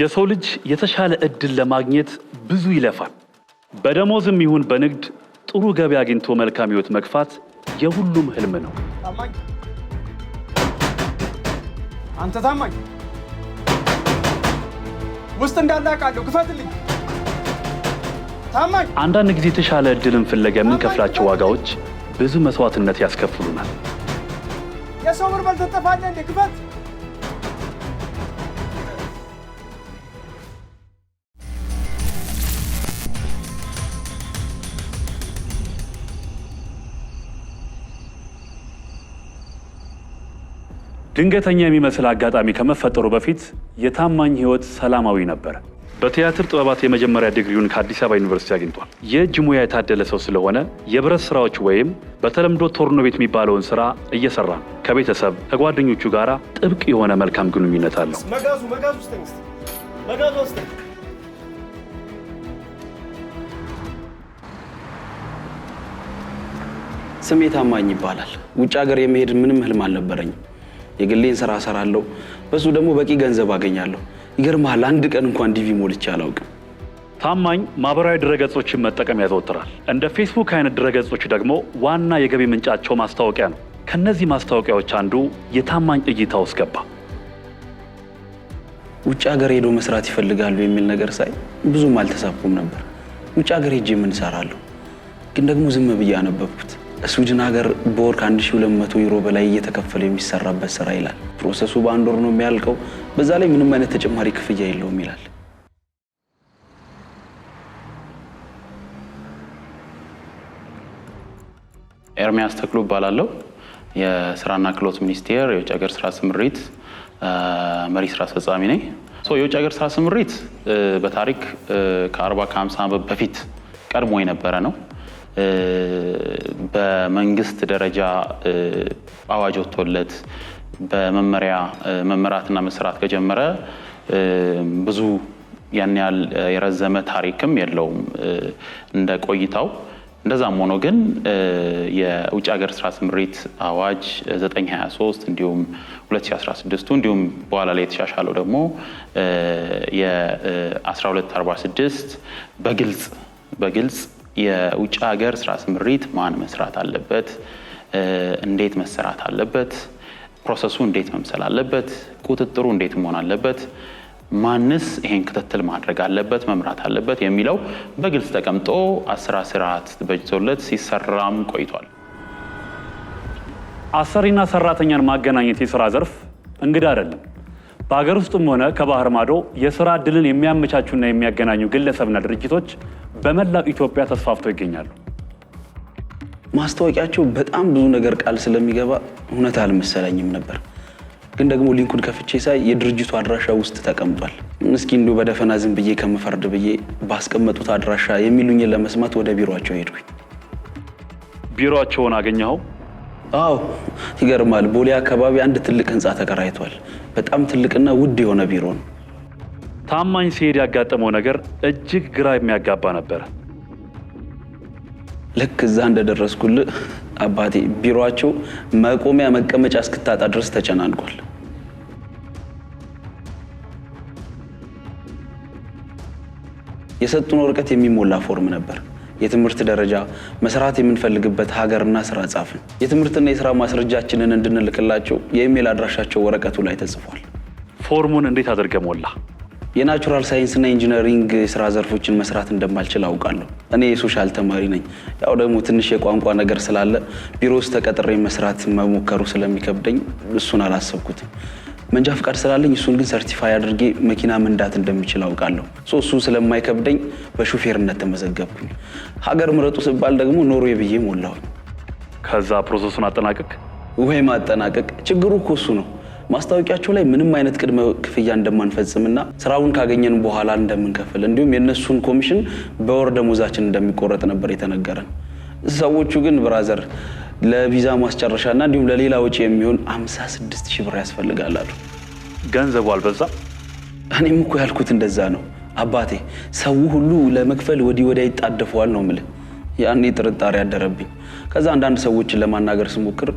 የሰው ልጅ የተሻለ እድል ለማግኘት ብዙ ይለፋል። በደሞዝም ይሁን በንግድ ጥሩ ገቢ አግኝቶ መልካም ህይወት መግፋት የሁሉም ህልም ነው። አንተ ታማኝ ውስጥ እንዳለ አውቃለሁ፣ ክፈትልኝ። ታማኝ አንዳንድ ጊዜ የተሻለ እድልን ፍለጋ የምንከፍላቸው ዋጋዎች ብዙ መስዋዕትነት ያስከፍሉናል። የሰው ብር በልተህ ትጠፋለህ። ክፈት ድንገተኛ የሚመስል አጋጣሚ ከመፈጠሩ በፊት የታማኝ ህይወት ሰላማዊ ነበር። በቲያትር ጥበባት የመጀመሪያ ዲግሪውን ከአዲስ አበባ ዩኒቨርሲቲ አግኝቷል። የእጅ ሙያ የታደለ ሰው ስለሆነ የብረት ስራዎች ወይም በተለምዶ ቶርኖ ቤት የሚባለውን ስራ እየሰራ ነው። ከቤተሰብ ከጓደኞቹ ጋር ጥብቅ የሆነ መልካም ግንኙነት አለው። ስሜ ታማኝ ይባላል። ውጭ ሀገር የመሄድ ምንም ህልም አልነበረኝም። የግሌን ስራ ሰራለሁ፣ በሱ ደግሞ በቂ ገንዘብ አገኛለሁ። ይገርምሃል አንድ ቀን እንኳን ዲቪ ሞልቼ አላውቅም። ታማኝ ማህበራዊ ድረገጾችን መጠቀም ያዘወትራል። እንደ ፌስቡክ አይነት ድረገጾች ደግሞ ዋና የገቢ ምንጫቸው ማስታወቂያ ነው። ከነዚህ ማስታወቂያዎች አንዱ የታማኝ እይታ ውስጥ ገባ። ውጭ ሀገር ሄዶ መስራት ይፈልጋሉ የሚል ነገር ሳይ ብዙም አልተሳብኩም ነበር። ውጭ ሀገር ሄጄ ምን እሰራለሁ? ግን ደግሞ ዝም ብዬ አነበብኩት። ስዊድን ሀገር በወር ከ1200 ዩሮ በላይ እየተከፈለ የሚሰራበት ስራ ይላል። ፕሮሰሱ በአንድ ወር ነው የሚያልቀው። በዛ ላይ ምንም አይነት ተጨማሪ ክፍያ የለውም ይላል። ኤርሚያስ ተክሉ እባላለሁ። የስራና ክህሎት ሚኒስቴር የውጭ ሀገር ስራ ስምሪት መሪ ስራ አስፈጻሚ ነኝ። የውጭ ሀገር ስራ ስምሪት በታሪክ ከ40 ከ50 በፊት ቀድሞ የነበረ ነው። በመንግስት ደረጃ አዋጅ ወጥቶለት በመመሪያ መመራትና መስራት ከጀመረ ብዙ ያን ያህል የረዘመ ታሪክም የለውም እንደ ቆይታው። እንደዛም ሆኖ ግን የውጭ ሀገር ስራ ስምሪት አዋጅ 923 እንዲሁም 2016ቱ እንዲሁም በኋላ ላይ የተሻሻለው ደግሞ የ1246 በግልጽ በግልጽ የውጭ ሀገር ስራ ስምሪት ማን መስራት አለበት፣ እንዴት መሰራት አለበት፣ ፕሮሰሱ እንዴት መምሰል አለበት፣ ቁጥጥሩ እንዴት መሆን አለበት፣ ማንስ ይሄን ክትትል ማድረግ አለበት፣ መምራት አለበት የሚለው በግልጽ ተቀምጦ አስራ ስርዓት በጅቶለት ሲሰራም ቆይቷል። አሰሪና ሰራተኛን ማገናኘት የስራ ዘርፍ እንግዳ አይደለም። በሀገር ውስጥም ሆነ ከባህር ማዶ የስራ እድልን የሚያመቻቹና የሚያገናኙ ግለሰብና ድርጅቶች በመላው ኢትዮጵያ ተስፋፍተው ይገኛሉ። ማስታወቂያቸው በጣም ብዙ ነገር ቃል ስለሚገባ እውነት አልመሰለኝም ነበር። ግን ደግሞ ሊንኩን ከፍቼ ሳይ የድርጅቱ አድራሻ ውስጥ ተቀምጧል። እስኪ እንዲሁ በደፈና ዝም ብዬ ከምፈርድ ብዬ ባስቀመጡት አድራሻ የሚሉኝን ለመስማት ወደ ቢሮቸው ሄድኩኝ። ቢሮቸውን አገኘኸው? አዎ፣ ይገርማል። ቦሌ አካባቢ አንድ ትልቅ ህንፃ ተከራይቷል። በጣም ትልቅና ውድ የሆነ ቢሮ ነው። ታማኝ ሲሄድ ያጋጠመው ነገር እጅግ ግራ የሚያጋባ ነበር። ልክ እዛ እንደደረስኩል አባቴ ቢሮቸው መቆሚያ መቀመጫ እስክታጣ ድረስ ተጨናንቋል። የሰጡን ወረቀት የሚሞላ ፎርም ነበር። የትምህርት ደረጃ፣ መስራት የምንፈልግበት ሀገርና ስራ ጻፍን። የትምህርትና የስራ ማስረጃችንን እንድንልክላቸው የኢሜል አድራሻቸው ወረቀቱ ላይ ተጽፏል። ፎርሙን እንዴት አድርገ ሞላ? የናቹራል ሳይንስና ኢንጂነሪንግ የስራ ዘርፎችን መስራት እንደማልችል አውቃለሁ። እኔ የሶሻል ተማሪ ነኝ። ያው ደግሞ ትንሽ የቋንቋ ነገር ስላለ ቢሮ ውስጥ ተቀጥሬ መስራት መሞከሩ ስለሚከብደኝ እሱን አላሰብኩትም። መንጃ ፍቃድ ስላለኝ እሱን ግን ሰርቲፋይ አድርጌ መኪና መንዳት እንደሚችል አውቃለሁ። እሱ ስለማይከብደኝ በሹፌርነት ተመዘገብኩኝ። ሀገር ምረጡ ስባል ደግሞ ኖርዌይ ብዬ ሞላሁኝ። ከዛ ፕሮሰሱን አጠናቀቅ ወይም አጠናቀቅ ችግሩ እኮ እሱ ነው። ማስታወቂያቸው ላይ ምንም አይነት ቅድመ ክፍያ እንደማንፈጽምና ስራውን ካገኘን በኋላ እንደምንከፍል እንዲሁም የእነሱን ኮሚሽን በወር ደሞዛችን እንደሚቆረጥ ነበር የተነገረን። ሰዎቹ ግን ብራዘር ለቪዛ ማስጨረሻ እና እንዲሁም ለሌላ ወጪ የሚሆን 56 ሺህ ብር ያስፈልጋል አሉ። ገንዘቡ አልበዛ? እኔም እኮ ያልኩት እንደዛ ነው አባቴ። ሰው ሁሉ ለመክፈል ወዲህ ወዲያ ይጣደፈዋል ነው ምልህ። ያኔ ጥርጣሬ አደረብኝ። ከዛ አንዳንድ ሰዎችን ለማናገር ስሞክር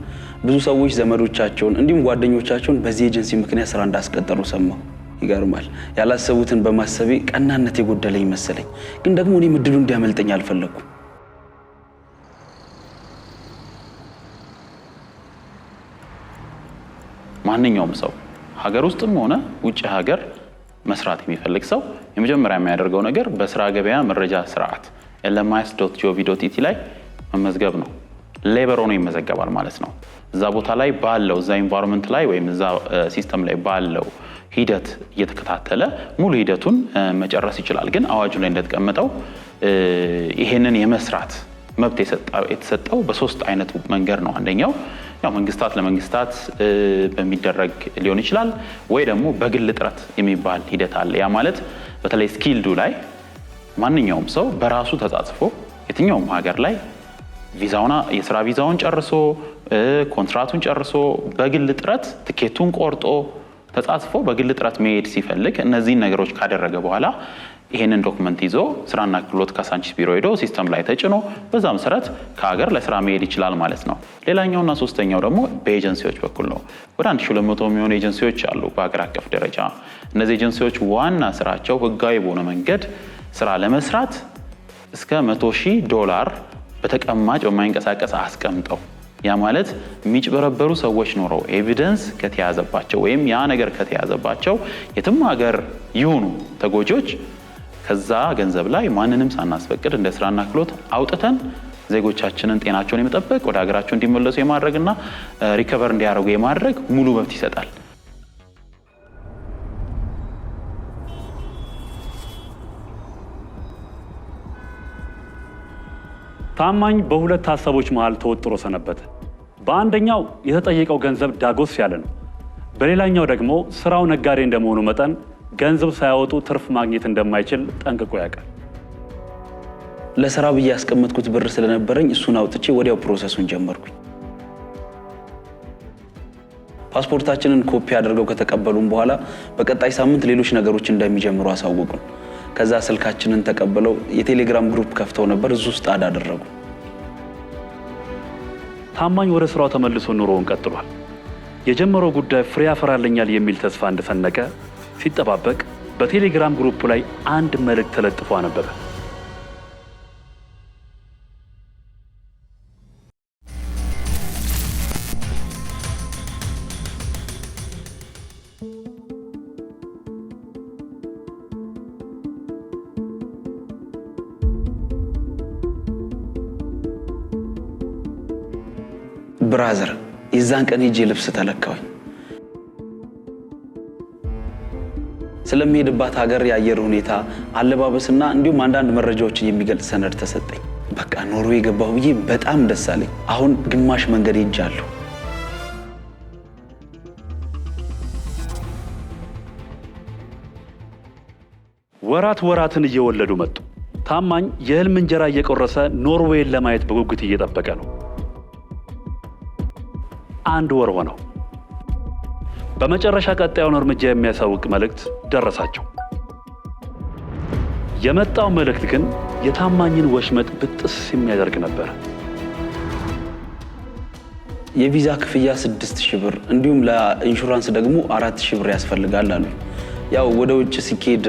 ብዙ ሰዎች ዘመዶቻቸውን እንዲሁም ጓደኞቻቸውን በዚህ ኤጀንሲ ምክንያት ስራ እንዳስቀጠሩ ሰማሁ። ይገርማል። ያላሰቡትን በማሰቤ ቀናነት የጎደለኝ መሰለኝ። ግን ደግሞ እኔ ምድሉ እንዲያመልጠኝ አልፈለግኩም። ማንኛውም ሰው ሀገር ውስጥም ሆነ ውጭ ሀገር መስራት የሚፈልግ ሰው የመጀመሪያ የሚያደርገው ነገር በስራ ገበያ መረጃ ስርዓት ኤልኤምኤስ ጂኦቪ ኢቲ ላይ መመዝገብ ነው። ሌበር ሆኖ ይመዘገባል ማለት ነው። እዛ ቦታ ላይ ባለው እዛ ኢንቫይሮንመንት ላይ ወይም እዛ ሲስተም ላይ ባለው ሂደት እየተከታተለ ሙሉ ሂደቱን መጨረስ ይችላል። ግን አዋጁ ላይ እንደተቀመጠው ይሄንን የመስራት መብት የተሰጠው በሶስት አይነት መንገድ ነው። አንደኛው ያው መንግስታት ለመንግስታት በሚደረግ ሊሆን ይችላል፣ ወይ ደግሞ በግል ጥረት የሚባል ሂደት አለ። ያ ማለት በተለይ ስኪልዱ ላይ ማንኛውም ሰው በራሱ ተጻጽፎ የትኛውም ሀገር ላይ ቪዛውና የስራ ቪዛውን ጨርሶ ኮንትራቱን ጨርሶ በግል ጥረት ትኬቱን ቆርጦ ተጻጽፎ በግል ጥረት መሄድ ሲፈልግ እነዚህን ነገሮች ካደረገ በኋላ ይህንን ዶክመንት ይዞ ስራና ክህሎት ካሳንቺስ ቢሮ ሄዶ ሲስተም ላይ ተጭኖ በዛ መሰረት ከሀገር ለስራ መሄድ ይችላል ማለት ነው። ሌላኛውና ሶስተኛው ደግሞ በኤጀንሲዎች በኩል ነው። ወደ 1200 የሚሆኑ ኤጀንሲዎች አሉ በሀገር አቀፍ ደረጃ። እነዚህ ኤጀንሲዎች ዋና ስራቸው ህጋዊ በሆነ መንገድ ስራ ለመስራት እስከ 100 ሺህ ዶላር በተቀማጭ በማይንቀሳቀስ አስቀምጠው ያ ማለት የሚጭበረበሩ ሰዎች ኖረው ኤቪደንስ ከተያዘባቸው ወይም ያ ነገር ከተያዘባቸው የትም ሀገር ይሁኑ ተጎጂዎች ከዛ ገንዘብ ላይ ማንንም ሳናስፈቅድ እንደ ስራና ክሎት አውጥተን ዜጎቻችንን ጤናቸውን የመጠበቅ ወደ ሀገራቸው እንዲመለሱ የማድረግና ሪከቨር እንዲያደርጉ የማድረግ ሙሉ መብት ይሰጣል። ታማኝ በሁለት ሀሳቦች መሃል ተወጥሮ ሰነበተ። በአንደኛው የተጠየቀው ገንዘብ ዳጎስ ያለ ነው፣ በሌላኛው ደግሞ ስራው ነጋዴ እንደመሆኑ መጠን ገንዘብ ሳያወጡ ትርፍ ማግኘት እንደማይችል ጠንቅቆ ያውቃል። ለስራ ብዬ ያስቀመጥኩት ብር ስለነበረኝ እሱን አውጥቼ ወዲያው ፕሮሰሱን ጀመርኩኝ። ፓስፖርታችንን ኮፒ አድርገው ከተቀበሉም በኋላ በቀጣይ ሳምንት ሌሎች ነገሮች እንደሚጀምሩ አሳወቁን። ከዛ ስልካችንን ተቀብለው የቴሌግራም ግሩፕ ከፍተው ነበር። እዙ ውስጥ አድ አደረጉ። ታማኝ ወደ ስራው ተመልሶ ኑሮውን ቀጥሏል። የጀመረው ጉዳይ ፍሬ ያፈራልኛል የሚል ተስፋ እንደሰነቀ ሲጠባበቅ በቴሌግራም ግሩፕ ላይ አንድ መልእክት ተለጥፎ አነበበ። ብራዘር የዛን ቀን ሄጄ ልብስ ተለካሁኝ። ስለሚሄድባት ሀገር የአየር ሁኔታ አለባበስና እንዲሁም አንዳንድ መረጃዎችን የሚገልጽ ሰነድ ተሰጠኝ። በቃ ኖርዌይ የገባሁ ብዬ በጣም ደስ አለኝ። አሁን ግማሽ መንገድ ሄጃለሁ። ወራት ወራትን እየወለዱ መጡ። ታማኝ የህልም እንጀራ እየቆረሰ ኖርዌይን ለማየት በጉጉት እየጠበቀ ነው። አንድ ወር ሆነው። በመጨረሻ ቀጣዩን እርምጃ የሚያሳውቅ መልእክት ደረሳቸው። የመጣው መልእክት ግን የታማኝን ወሽመጥ ብጥስ የሚያደርግ ነበር። የቪዛ ክፍያ ስድስት ሺህ ብር እንዲሁም ለኢንሹራንስ ደግሞ አራት ሺህ ብር ያስፈልጋል አሉ። ያው ወደ ውጭ ሲኬድ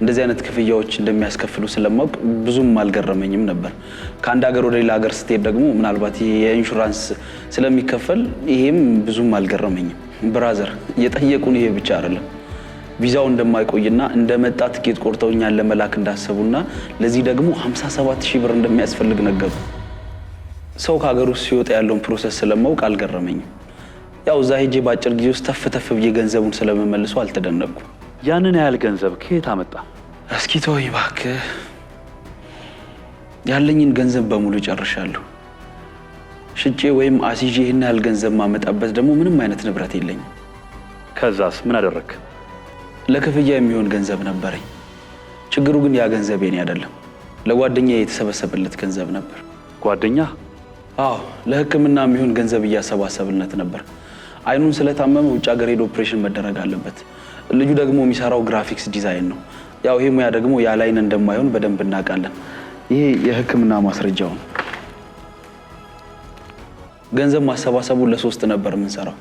እንደዚህ አይነት ክፍያዎች እንደሚያስከፍሉ ስለማወቅ ብዙም አልገረመኝም ነበር። ከአንድ ሀገር ወደ ሌላ ሀገር ስትሄድ ደግሞ ምናልባት የኢንሹራንስ ስለሚከፈል ይሄም ብዙም አልገረመኝም። ብራዘር የጠየቁን ይሄ ብቻ አይደለም። ቪዛው እንደማይቆይና እንደመጣ ትኬት ቆርጠውኛን እኛን ለመላክ እንዳሰቡና ለዚህ ደግሞ 57 ሺህ ብር እንደሚያስፈልግ ነገሩ። ሰው ከሀገር ውስጥ ሲወጣ ያለውን ፕሮሰስ ስለማውቅ አልገረመኝም። ያው እዛ ሄጄ በአጭር ጊዜ ውስጥ ተፍ ተፍ ብዬ ገንዘቡን ስለመመልሶ አልተደነቅኩም። ያንን ያህል ገንዘብ ከየት አመጣ? እስኪ ተወኝ እባክህ። ያለኝን ገንዘብ በሙሉ ጨርሻለሁ። ሽጬ ወይም አስይዤ ይህን ያህል ገንዘብ ማመጣበት ደግሞ ምንም አይነት ንብረት የለኝም። ከዛስ ምን አደረግ ለክፍያ የሚሆን ገንዘብ ነበረኝ። ችግሩ ግን ያ ገንዘብ የኔ አይደለም፣ ለጓደኛ የተሰበሰበለት ገንዘብ ነበር። ጓደኛ? አዎ፣ ለሕክምና የሚሆን ገንዘብ እያሰባሰብለት ነበር። አይኑን ስለታመመ ውጭ ሀገር ሄዶ ኦፕሬሽን መደረግ አለበት ልጁ ደግሞ የሚሰራው ግራፊክስ ዲዛይን ነው። ያው ይሄ ሙያ ደግሞ ያላይን እንደማይሆን በደንብ እናውቃለን። ይሄ የህክምና ማስረጃው ነው። ገንዘብ ማሰባሰቡ ለሶስት ነበር የምንሰራው።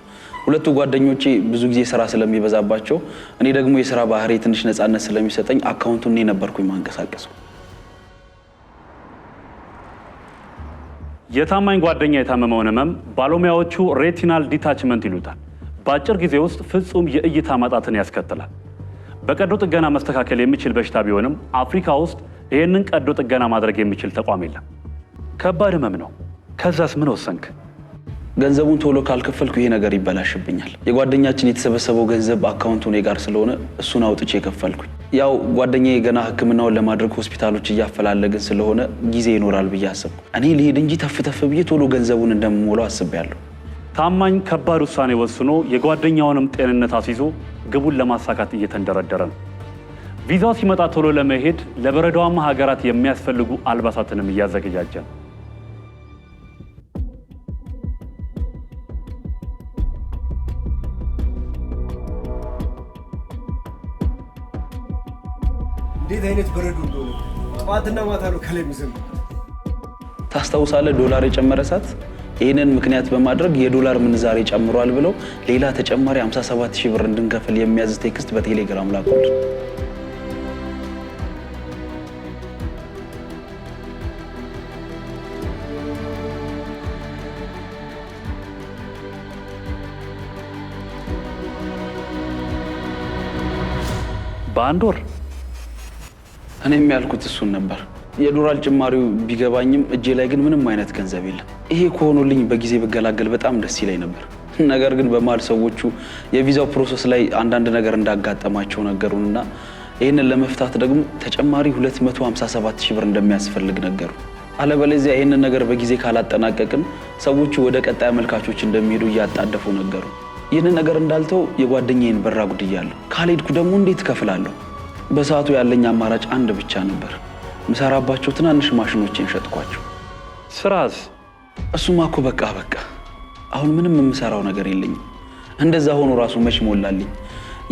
ሁለቱ ጓደኞቼ ብዙ ጊዜ ስራ ስለሚበዛባቸው፣ እኔ ደግሞ የስራ ባህሪ ትንሽ ነፃነት ስለሚሰጠኝ አካውንቱን እኔ ነበርኩኝ ማንቀሳቀሰው። የታማኝ ጓደኛ የታመመውን ህመም ባለሙያዎቹ ሬቲናል ዲታችመንት ይሉታል። በአጭር ጊዜ ውስጥ ፍጹም የእይታ ማጣትን ያስከትላል። በቀዶ ጥገና መስተካከል የሚችል በሽታ ቢሆንም አፍሪካ ውስጥ ይህንን ቀዶ ጥገና ማድረግ የሚችል ተቋም የለም። ከባድ ህመም ነው። ከዛስ ምን ወሰንክ? ገንዘቡን ቶሎ ካልከፈልኩ ይሄ ነገር ይበላሽብኛል። የጓደኛችን የተሰበሰበው ገንዘብ አካውንቱ እኔ ጋር ስለሆነ እሱን አውጥቼ የከፈልኩኝ። ያው ጓደኛ ገና ህክምናውን ለማድረግ ሆስፒታሎች እያፈላለግን ስለሆነ ጊዜ ይኖራል ብዬ አሰብኩ። እኔ ልሄድ እንጂ ተፍተፍ ብዬ ቶሎ ገንዘቡን እንደምሞላው አስቤያለሁ። ታማኝ ከባድ ውሳኔ ወስኖ የጓደኛውንም ጤንነት አስይዞ ግቡን ለማሳካት እየተንደረደረ ነው። ቪዛው ሲመጣ ቶሎ ለመሄድ ለበረዷማ ሀገራት የሚያስፈልጉ አልባሳትንም እያዘገጃጀ ነው። እንዴት አይነት በረዶ እንደሆነ ጠዋትና ማታ ነው ከላይ ታስታውሳለህ። ዶላር የጨመረ ሰዓት ይህንን ምክንያት በማድረግ የዶላር ምንዛሬ ጨምሯል ብለው ሌላ ተጨማሪ 57 ሺህ ብር እንድንከፍል የሚያዝ ቴክስት በቴሌግራም ላኩልን። በአንድ ወር እኔ የሚያልኩት እሱን ነበር። የዶላር ጭማሪው ቢገባኝም እጄ ላይ ግን ምንም አይነት ገንዘብ የለም። ይሄ ከሆኑልኝ በጊዜ ብገላገል በጣም ደስ ይለኝ ነበር። ነገር ግን በመሀል ሰዎቹ የቪዛው ፕሮሰስ ላይ አንዳንድ ነገር እንዳጋጠማቸው ነገሩንና ይህንን ለመፍታት ደግሞ ተጨማሪ 257 ሺህ ብር እንደሚያስፈልግ ነገሩ። አለበለዚያ ይህንን ነገር በጊዜ ካላጠናቀቅን ሰዎቹ ወደ ቀጣይ አመልካቾች እንደሚሄዱ እያጣደፉ ነገሩ። ይህንን ነገር እንዳልተው የጓደኛዬን በራ ጉድያለሁ። ካልሄድኩ ደግሞ እንዴት እከፍላለሁ? በሰዓቱ ያለኝ አማራጭ አንድ ብቻ ነበር። ምሰራባቸው ትናንሽ ማሽኖችን ሸጥኳቸው። ስራስ እሱማ እኮ በቃ በቃ አሁን ምንም የምሰራው ነገር የለኝም። እንደዛ ሆኖ ራሱ መች ሞላልኝ።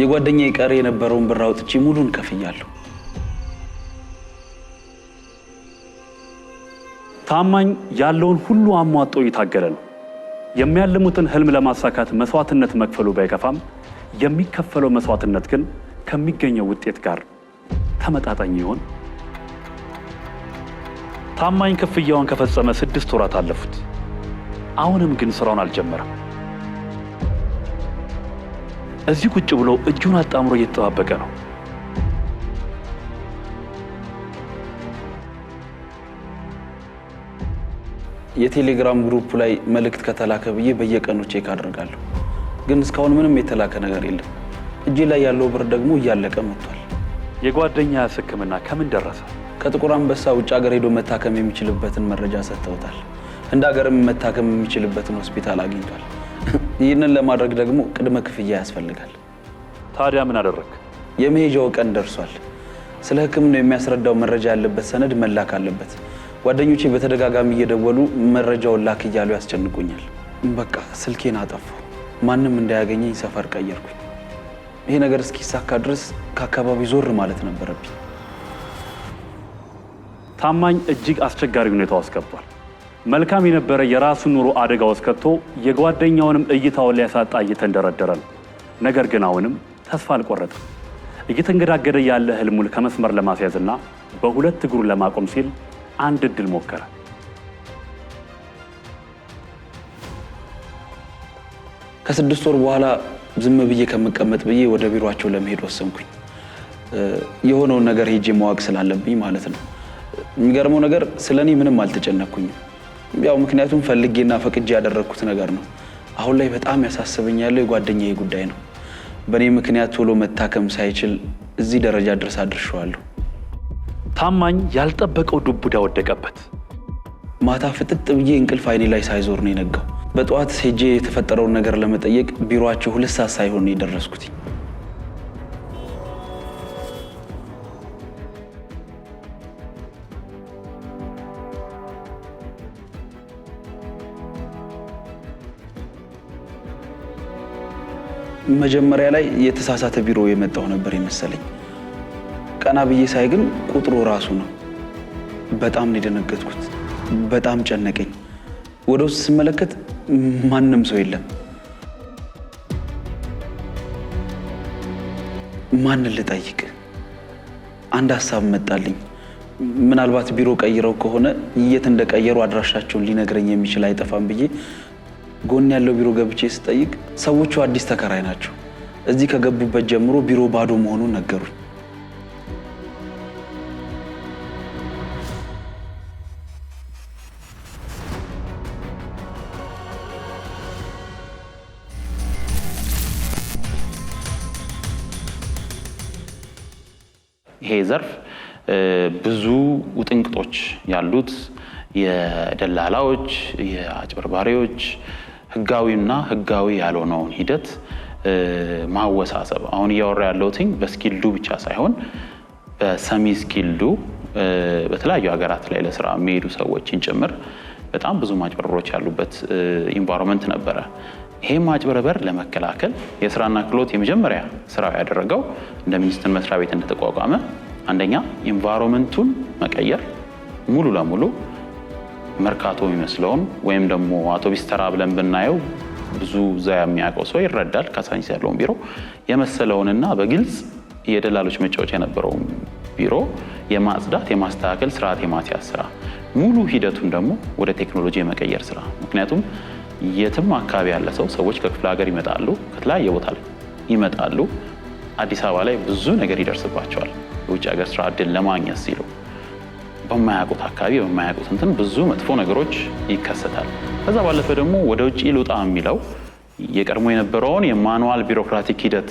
የጓደኛ ቀሪ የነበረውን ብር አውጥቼ ሙሉን ከፍያለሁ። ታማኝ ያለውን ሁሉ አሟጦ እየታገለ ነው። የሚያልሙትን ህልም ለማሳካት መስዋዕትነት መክፈሉ ባይከፋም የሚከፈለው መስዋዕትነት ግን ከሚገኘው ውጤት ጋር ተመጣጣኝ ይሆን? ታማኝ ክፍያውን ከፈጸመ ስድስት ወራት አለፉት። አሁንም ግን ስራውን አልጀመረም። እዚህ ቁጭ ብሎ እጁን አጣምሮ እየተጠባበቀ ነው። የቴሌግራም ግሩፕ ላይ መልእክት ከተላከ ብዬ በየቀኑ ቼክ አድርጋለሁ፣ ግን እስካሁን ምንም የተላከ ነገር የለም። እጄ ላይ ያለው ብር ደግሞ እያለቀ መጥቷል። የጓደኛ ሕክምና ከምን ደረሰ? ከጥቁር አንበሳ ውጭ ሀገር ሄዶ መታከም የሚችልበትን መረጃ ሰጥተውታል። እንደ ሀገርም መታከም የሚችልበትን ሆስፒታል አግኝቷል። ይህንን ለማድረግ ደግሞ ቅድመ ክፍያ ያስፈልጋል። ታዲያ ምን አደረግ? የመሄጃው ቀን ደርሷል። ስለ ሕክምናው የሚያስረዳው መረጃ ያለበት ሰነድ መላክ አለበት። ጓደኞቼ በተደጋጋሚ እየደወሉ መረጃውን ላክ እያሉ ያስጨንቁኛል። በቃ ስልኬን አጠፋሁ። ማንም እንዳያገኘኝ ሰፈር ቀየርኩኝ። ይሄ ነገር እስኪሳካ ድረስ ከአካባቢው ዞር ማለት ነበረብኝ። ታማኝ እጅግ አስቸጋሪ ሁኔታ ውስጥ ገብቷል። መልካም የነበረ የራሱን ኑሮ አደጋ ውስጥ ከቶ የጓደኛውንም እይታውን ሊያሳጣ እየተንደረደረ ነው። ነገር ግን አሁንም ተስፋ አልቆረጠም። እየተንገዳገደ ያለ ህልሙን ከመስመር ለማስያዝና በሁለት እግሩ ለማቆም ሲል አንድ እድል ሞከረ። ከስድስት ወር በኋላ ዝም ብዬ ከምቀመጥ ብዬ ወደ ቢሮቸው ለመሄድ ወሰንኩኝ። የሆነውን ነገር ሄጄ ማወቅ ስላለብኝ ማለት ነው። የሚገርመው ነገር ስለ እኔ ምንም አልተጨነኩኝም። ያው ምክንያቱም ፈልጌና ፈቅጄ ያደረግኩት ነገር ነው። አሁን ላይ በጣም ያሳስበኝ ያለው የጓደኛዬ ጉዳይ ነው። በእኔ ምክንያት ቶሎ መታከም ሳይችል እዚህ ደረጃ ድረስ አድርሸዋለሁ። ታማኝ ያልጠበቀው ዱቡዳ ወደቀበት። ማታ ፍጥጥ ብዬ እንቅልፍ አይኔ ላይ ሳይዞር ነው የነጋው። በጠዋት ሄጄ የተፈጠረውን ነገር ለመጠየቅ ቢሮቸው ሁለት ሰዓት ሳይሆን የደረስኩት መጀመሪያ ላይ የተሳሳተ ቢሮ የመጣው ነበር የመሰለኝ። ቀና ብዬ ሳይ ግን ቁጥሩ ራሱ ነው። በጣም ነው የደነገጥኩት። በጣም ጨነቀኝ። ወደ ውስጥ ስመለከት ማንም ሰው የለም። ማንን ልጠይቅ? አንድ ሀሳብ መጣልኝ። ምናልባት ቢሮ ቀይረው ከሆነ የት እንደቀየሩ አድራሻቸውን ሊነግረኝ የሚችል አይጠፋም ብዬ ጎን ያለው ቢሮ ገብቼ ስጠይቅ ሰዎቹ አዲስ ተከራይ ናቸው። እዚህ ከገቡበት ጀምሮ ቢሮ ባዶ መሆኑን ነገሩኝ። ይሄ ዘርፍ ብዙ ውጥንቅጦች ያሉት የደላላዎች፣ የአጭበርባሪዎች ህጋዊና ህጋዊ ያልሆነውን ሂደት ማወሳሰብ አሁን እያወራ ያለውትኝ በስኪልዱ ብቻ ሳይሆን በሰሚ ስኪልዱ በተለያዩ ሀገራት ላይ ለስራ የሚሄዱ ሰዎችን ጭምር በጣም ብዙ ማጭበርበሮች ያሉበት ኢንቫይሮንመንት ነበረ። ይሄ ማጭበረበር ለመከላከል የስራና ክህሎት የመጀመሪያ ስራ ያደረገው እንደ ሚኒስትር መስሪያ ቤት እንደተቋቋመ አንደኛ ኢንቫይሮንመንቱን መቀየር ሙሉ ለሙሉ መርካቶ የሚመስለውን ወይም ደግሞ አውቶቢስ ተራ ብለን ብናየው ብዙ እዛ የሚያውቀው ሰው ይረዳል። ካሳንቺስ ያለውን ቢሮ የመሰለውንና በግልጽ የደላሎች መጫወቻ የነበረውን ቢሮ የማጽዳት የማስተካከል ስርዓት የማስያዝ ስራ ሙሉ ሂደቱን ደግሞ ወደ ቴክኖሎጂ የመቀየር ስራ። ምክንያቱም የትም አካባቢ ያለ ሰው ሰዎች ከክፍለ ሀገር ይመጣሉ፣ ከተለያየ ቦታ ይመጣሉ። አዲስ አበባ ላይ ብዙ ነገር ይደርስባቸዋል። የውጭ ሀገር ስራ እድል ለማግኘት ሲሉ በማያውቁት አካባቢ በማያውቁት እንትን ብዙ መጥፎ ነገሮች ይከሰታል። ከዛ ባለፈ ደግሞ ወደ ውጭ ልውጣ የሚለው የቀድሞ የነበረውን የማኑዋል ቢሮክራቲክ ሂደት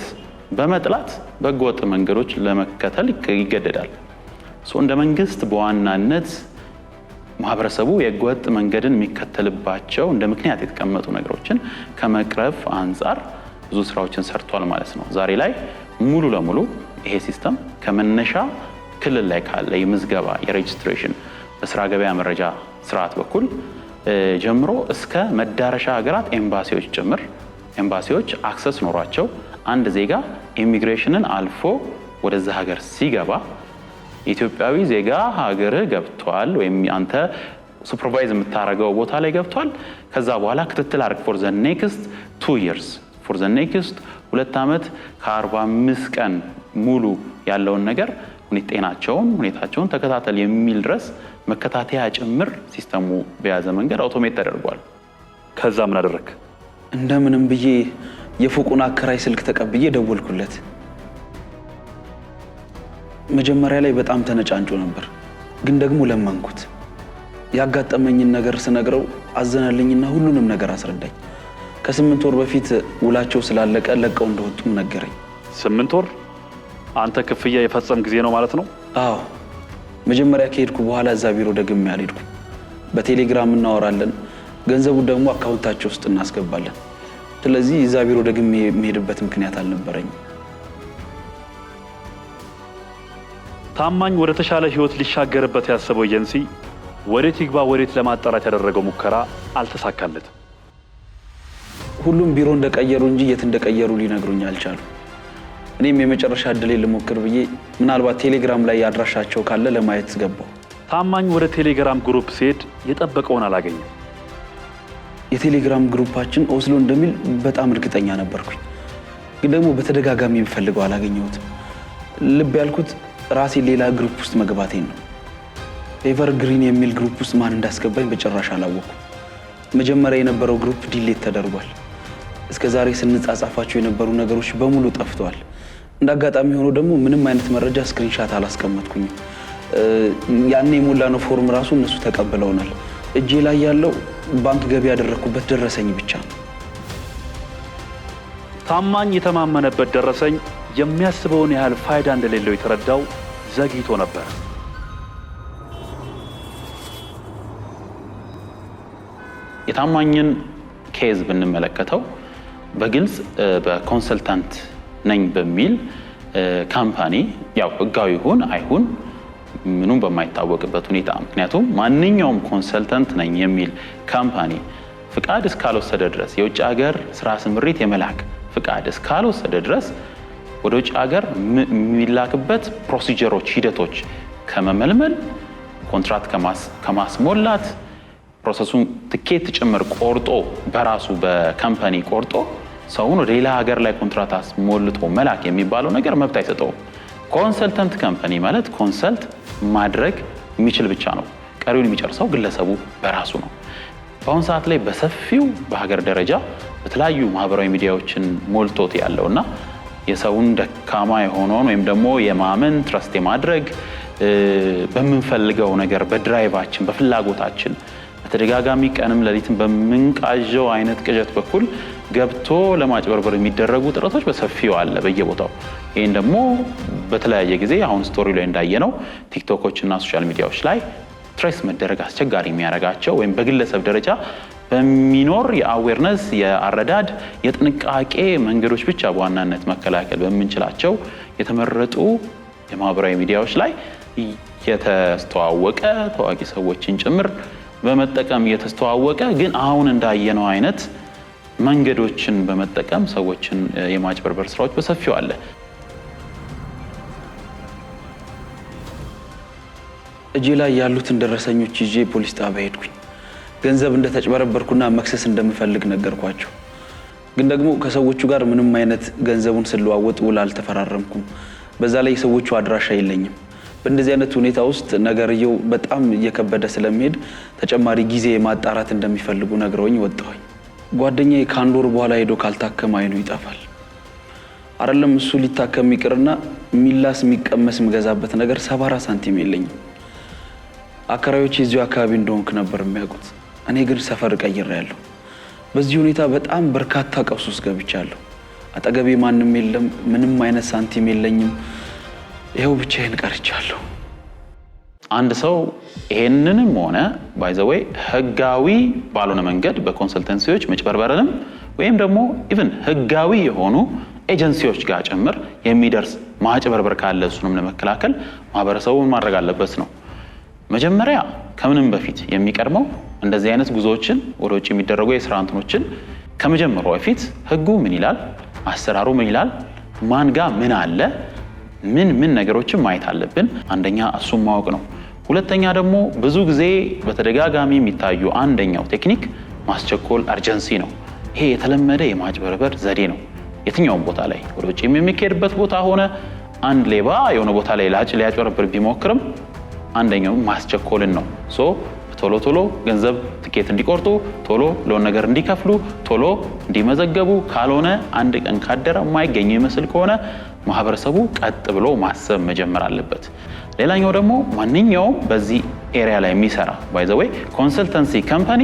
በመጥላት በህገወጥ መንገዶች ለመከተል ይገደዳል። እንደ መንግስት በዋናነት ማህበረሰቡ የህገወጥ መንገድን የሚከተልባቸው እንደ ምክንያት የተቀመጡ ነገሮችን ከመቅረፍ አንጻር ብዙ ስራዎችን ሰርቷል ማለት ነው። ዛሬ ላይ ሙሉ ለሙሉ ይሄ ሲስተም ከመነሻ ክልል ላይ ካለ የምዝገባ የሬጅስትሬሽን በስራ ገበያ መረጃ ስርዓት በኩል ጀምሮ እስከ መዳረሻ ሀገራት ኤምባሲዎች ጭምር ኤምባሲዎች አክሰስ ኖሯቸው አንድ ዜጋ ኢሚግሬሽንን አልፎ ወደዛ ሀገር ሲገባ ኢትዮጵያዊ ዜጋ ሀገር ገብቷል ወይም አንተ ሱፐርቫይዝ የምታደርገው ቦታ ላይ ገብቷል። ከዛ በኋላ ክትትል አድርግ ፎር ዘ ኔክስት ቱ ይርስ ፎር ዘ ኔክስት ሁለት ዓመት ከ45 ቀን ሙሉ ያለውን ነገር ጤናቸውን ሁኔታቸውን ተከታተል የሚል ድረስ መከታተያ ጭምር ሲስተሙ በያዘ መንገድ አውቶሜት ተደርጓል። ከዛ ምን አደረግ? እንደምንም ብዬ የፎቁን አከራይ ስልክ ተቀብዬ ደወልኩለት። መጀመሪያ ላይ በጣም ተነጫንጮ ነበር፣ ግን ደግሞ ለመንኩት። ያጋጠመኝን ነገር ስነግረው አዘነልኝና ሁሉንም ነገር አስረዳኝ። ከስምንት ወር በፊት ውላቸው ስላለቀ ለቀው እንደወጡም ነገረኝ። ስምንት ወር አንተ ክፍያ የፈጸም ጊዜ ነው ማለት ነው? አዎ። መጀመሪያ ከሄድኩ በኋላ እዛ ቢሮ ደግሜ አልሄድኩም። በቴሌግራም እናወራለን፣ ገንዘቡ ደግሞ አካውንታቸው ውስጥ እናስገባለን። ስለዚህ እዛ ቢሮ ደግሜ የሚሄድበት ምክንያት አልነበረኝም። ታማኝ ወደ ተሻለ ህይወት ሊሻገርበት ያሰበው ኤጀንሲ ወዴት ይግባ ወዴት ለማጣራት ያደረገው ሙከራ አልተሳካለትም። ሁሉም ቢሮ እንደቀየሩ እንጂ የት እንደቀየሩ ሊነግሩኝ አልቻሉ። እኔም የመጨረሻ እድሌ ልሞክር ብዬ ምናልባት ቴሌግራም ላይ ያድራሻቸው ካለ ለማየት ገባው። ታማኝ ወደ ቴሌግራም ግሩፕ ሲሄድ የጠበቀውን አላገኘም። የቴሌግራም ግሩፓችን ኦስሎ እንደሚል በጣም እርግጠኛ ነበርኩኝ፣ ግን ደግሞ በተደጋጋሚ ብፈልገው አላገኘሁትም። ልብ ያልኩት ራሴ ሌላ ግሩፕ ውስጥ መግባቴን ነው። ኤቨርግሪን የሚል ግሩፕ ውስጥ ማን እንዳስገባኝ በጭራሽ አላወኩም። መጀመሪያ የነበረው ግሩፕ ዲሌት ተደርጓል። እስከ ዛሬ ስንጻጻፋቸው የነበሩ ነገሮች በሙሉ ጠፍተዋል። እንደ አጋጣሚ ሆኖ ደግሞ ምንም አይነት መረጃ ስክሪንሻት አላስቀመጥኩኝ ያኔ የሞላ ነው ፎርም ራሱ እነሱ ተቀብለውናል። እጄ ላይ ያለው ባንክ ገቢ ያደረግኩበት ደረሰኝ ብቻ ነው። ታማኝ የተማመነበት ደረሰኝ የሚያስበውን ያህል ፋይዳ እንደሌለው የተረዳው ዘግይቶ ነበር። የታማኝን ኬዝ ብንመለከተው በግልጽ በኮንሰልታንት ነኝ በሚል ካምፓኒ ያው ህጋዊ ይሁን አይሁን ምኑም በማይታወቅበት ሁኔታ ምክንያቱም ማንኛውም ኮንሰልተንት ነኝ የሚል ካምፓኒ ፍቃድ እስካልወሰደ ድረስ የውጭ ሀገር ስራ ስምሪት የመላክ ፍቃድ እስካልወሰደ ድረስ ወደ ውጭ ሀገር የሚላክበት ፕሮሲጀሮች፣ ሂደቶች ከመመልመል ኮንትራት ከማስሞላት ፕሮሰሱን ትኬት ጭምር ቆርጦ በራሱ በካምፓኒ ቆርጦ ሰውን ወደ ሌላ ሀገር ላይ ኮንትራት አስሞልቶ መላክ የሚባለው ነገር መብት አይሰጠውም። ኮንሰልተንት ካምፓኒ ማለት ኮንሰልት ማድረግ የሚችል ብቻ ነው። ቀሪውን የሚጨርሰው ግለሰቡ በራሱ ነው። በአሁኑ ሰዓት ላይ በሰፊው በሀገር ደረጃ በተለያዩ ማህበራዊ ሚዲያዎችን ሞልቶት ያለው እና የሰውን ደካማ የሆነውን ወይም ደግሞ የማመን ትረስት የማድረግ በምንፈልገው ነገር በድራይቫችን በፍላጎታችን በተደጋጋሚ ቀንም ሌሊትም በምንቃዣው አይነት ቅዠት በኩል ገብቶ ለማጭበርበር የሚደረጉ ጥረቶች በሰፊው አለ በየቦታው። ይህን ደግሞ በተለያየ ጊዜ አሁን ስቶሪ ላይ እንዳየነው ቲክቶኮች እና ሶሻል ሚዲያዎች ላይ ትሬስ መደረግ አስቸጋሪ የሚያደርጋቸው ወይም በግለሰብ ደረጃ በሚኖር የአዌርነስ የአረዳድ የጥንቃቄ መንገዶች ብቻ በዋናነት መከላከል በምንችላቸው የተመረጡ የማህበራዊ ሚዲያዎች ላይ የተስተዋወቀ ታዋቂ ሰዎችን ጭምር በመጠቀም እየተስተዋወቀ ግን አሁን እንዳየነው አይነት መንገዶችን በመጠቀም ሰዎችን የማጭበርበር ስራዎች በሰፊው አለ። እጄ ላይ ያሉትን ደረሰኞች ይዤ ፖሊስ ጣቢያ ሄድኩኝ። ገንዘብ እንደተጭበረበርኩና መክሰስ እንደምፈልግ ነገርኳቸው። ግን ደግሞ ከሰዎቹ ጋር ምንም አይነት ገንዘቡን ስለዋወጥ ውል አልተፈራረምኩም። በዛ ላይ የሰዎቹ አድራሻ የለኝም። በእንደዚህ አይነት ሁኔታ ውስጥ ነገርየው በጣም እየከበደ ስለሚሄድ ተጨማሪ ጊዜ ማጣራት እንደሚፈልጉ ነግረውኝ ወጣሁኝ። ጓደኛዬ ከአንድ ወር በኋላ ሄዶ ካልታከመ አይኑ ይጠፋል። አይደለም እሱ ሊታከም ይቅርና ሚላስ የሚቀመስ የምገዛበት ነገር ሰባራ ሳንቲም የለኝም። አከራዮች የዚሁ አካባቢ እንደሆንክ ነበር የሚያውቁት። እኔ ግን ሰፈር ቀይሬያለሁ። በዚህ ሁኔታ በጣም በርካታ ቀውስ ውስጥ ገብቻለሁ። አጠገቤ ማንም የለም። ምንም አይነት ሳንቲም የለኝም። ይኸው ብቻዬን ቀርቻለሁ። አንድ ሰው ይሄንንም ሆነ ባይዘወይ ህጋዊ ባልሆነ መንገድ በኮንሰልተንሲዎች መጭበርበርንም ወይም ደግሞ ኢቭን ህጋዊ የሆኑ ኤጀንሲዎች ጋር ጭምር የሚደርስ ማጭበርበር ካለ እሱንም ለመከላከል ማህበረሰቡን ማድረግ አለበት ነው። መጀመሪያ ከምንም በፊት የሚቀድመው እንደዚህ አይነት ጉዞዎችን ወደ ውጭ የሚደረጉ የስራ እንትኖችን ከመጀመሩ በፊት ህጉ ምን ይላል፣ አሰራሩ ምን ይላል፣ ማን ምን አለ፣ ምን ምን ነገሮችን ማየት አለብን። አንደኛ እሱም ማወቅ ነው። ሁለተኛ ደግሞ ብዙ ጊዜ በተደጋጋሚ የሚታዩ አንደኛው ቴክኒክ ማስቸኮል አርጀንሲ ነው። ይሄ የተለመደ የማጭበርበር ዘዴ ነው። የትኛውም ቦታ ላይ ወደ ውጭ የሚካሄድበት ቦታ ሆነ አንድ ሌባ የሆነ ቦታ ላይ ላጭ ሊያጭበረብር ቢሞክርም አንደኛው ማስቸኮልን ነው። ሶ ቶሎ ቶሎ ገንዘብ ትኬት እንዲቆርጡ፣ ቶሎ ለሆነ ነገር እንዲከፍሉ፣ ቶሎ እንዲመዘገቡ ካልሆነ አንድ ቀን ካደረ የማይገኝ ይመስል ከሆነ ማህበረሰቡ ቀጥ ብሎ ማሰብ መጀመር አለበት። ሌላኛው ደግሞ ማንኛውም በዚህ ኤሪያ ላይ የሚሰራ ባይዘወይ ኮንሰልተንሲ ካምፓኒ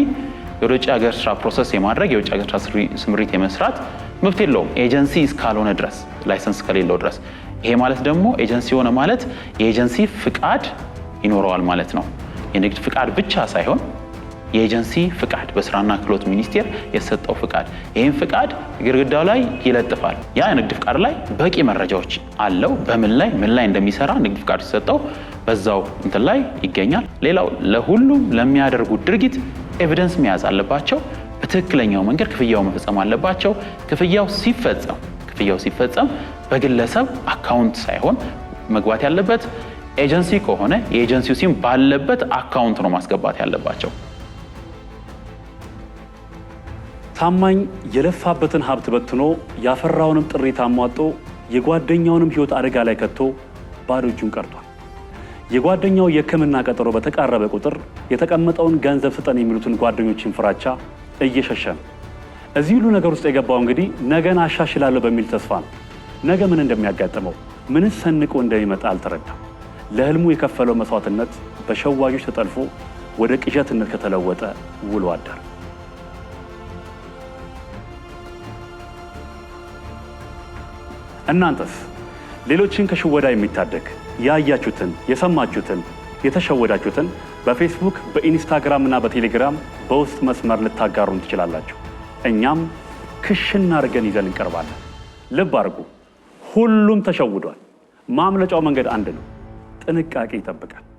ወደ ውጭ ሀገር ስራ ፕሮሰስ የማድረግ የውጭ ሀገር ስራ ስምሪት የመስራት መብት የለውም ኤጀንሲ እስካልሆነ ድረስ ላይሰንስ ከሌለው ድረስ። ይሄ ማለት ደግሞ ኤጀንሲ የሆነ ማለት የኤጀንሲ ፍቃድ ይኖረዋል ማለት ነው። የንግድ ፍቃድ ብቻ ሳይሆን የኤጀንሲ ፍቃድ በስራና ክህሎት ሚኒስቴር የተሰጠው ፍቃድ። ይህም ፍቃድ ግድግዳው ላይ ይለጥፋል። ያ ንግድ ፍቃድ ላይ በቂ መረጃዎች አለው። በምን ላይ ምን ላይ እንደሚሰራ ንግድ ፍቃድ ሲሰጠው በዛው እንትን ላይ ይገኛል። ሌላው ለሁሉም ለሚያደርጉት ድርጊት ኤቪደንስ መያዝ አለባቸው። በትክክለኛው መንገድ ክፍያው መፈጸም አለባቸው። ክፍያው ሲፈጸም ክፍያው ሲፈጸም በግለሰብ አካውንት ሳይሆን መግባት ያለበት ኤጀንሲ ከሆነ የኤጀንሲው ሲም ባለበት አካውንት ነው ማስገባት ያለባቸው። ታማኝ የለፋበትን ሀብት በትኖ ያፈራውንም ጥሪት አሟጦ የጓደኛውንም ሕይወት አደጋ ላይ ከቶ ባዶ እጁን ቀርቷል። የጓደኛው የሕክምና ቀጠሮ በተቃረበ ቁጥር የተቀመጠውን ገንዘብ ስጠን የሚሉትን ጓደኞችን ፍራቻ እየሸሸ ነው። እዚህ ሁሉ ነገር ውስጥ የገባው እንግዲህ ነገን አሻሽላለሁ በሚል ተስፋ ነው። ነገ ምን እንደሚያጋጥመው ምንስ ሰንቆ እንደሚመጣ አልተረዳም። ለህልሙ የከፈለው መስዋዕትነት በሸዋዦች ተጠልፎ ወደ ቅዠትነት ከተለወጠ ውሎ አደር። እናንተስ ሌሎችን ከሽወዳ የሚታደግ ያያችሁትን፣ የሰማችሁትን፣ የተሸወዳችሁትን በፌስቡክ በኢንስታግራም እና በቴሌግራም በውስጥ መስመር ልታጋሩን ትችላላችሁ። እኛም ክሽን አድርገን ይዘን እንቀርባለን። ልብ አድርጉ፣ ሁሉም ተሸውዷል። ማምለጫው መንገድ አንድ ነው፣ ጥንቃቄ ይጠብቃል።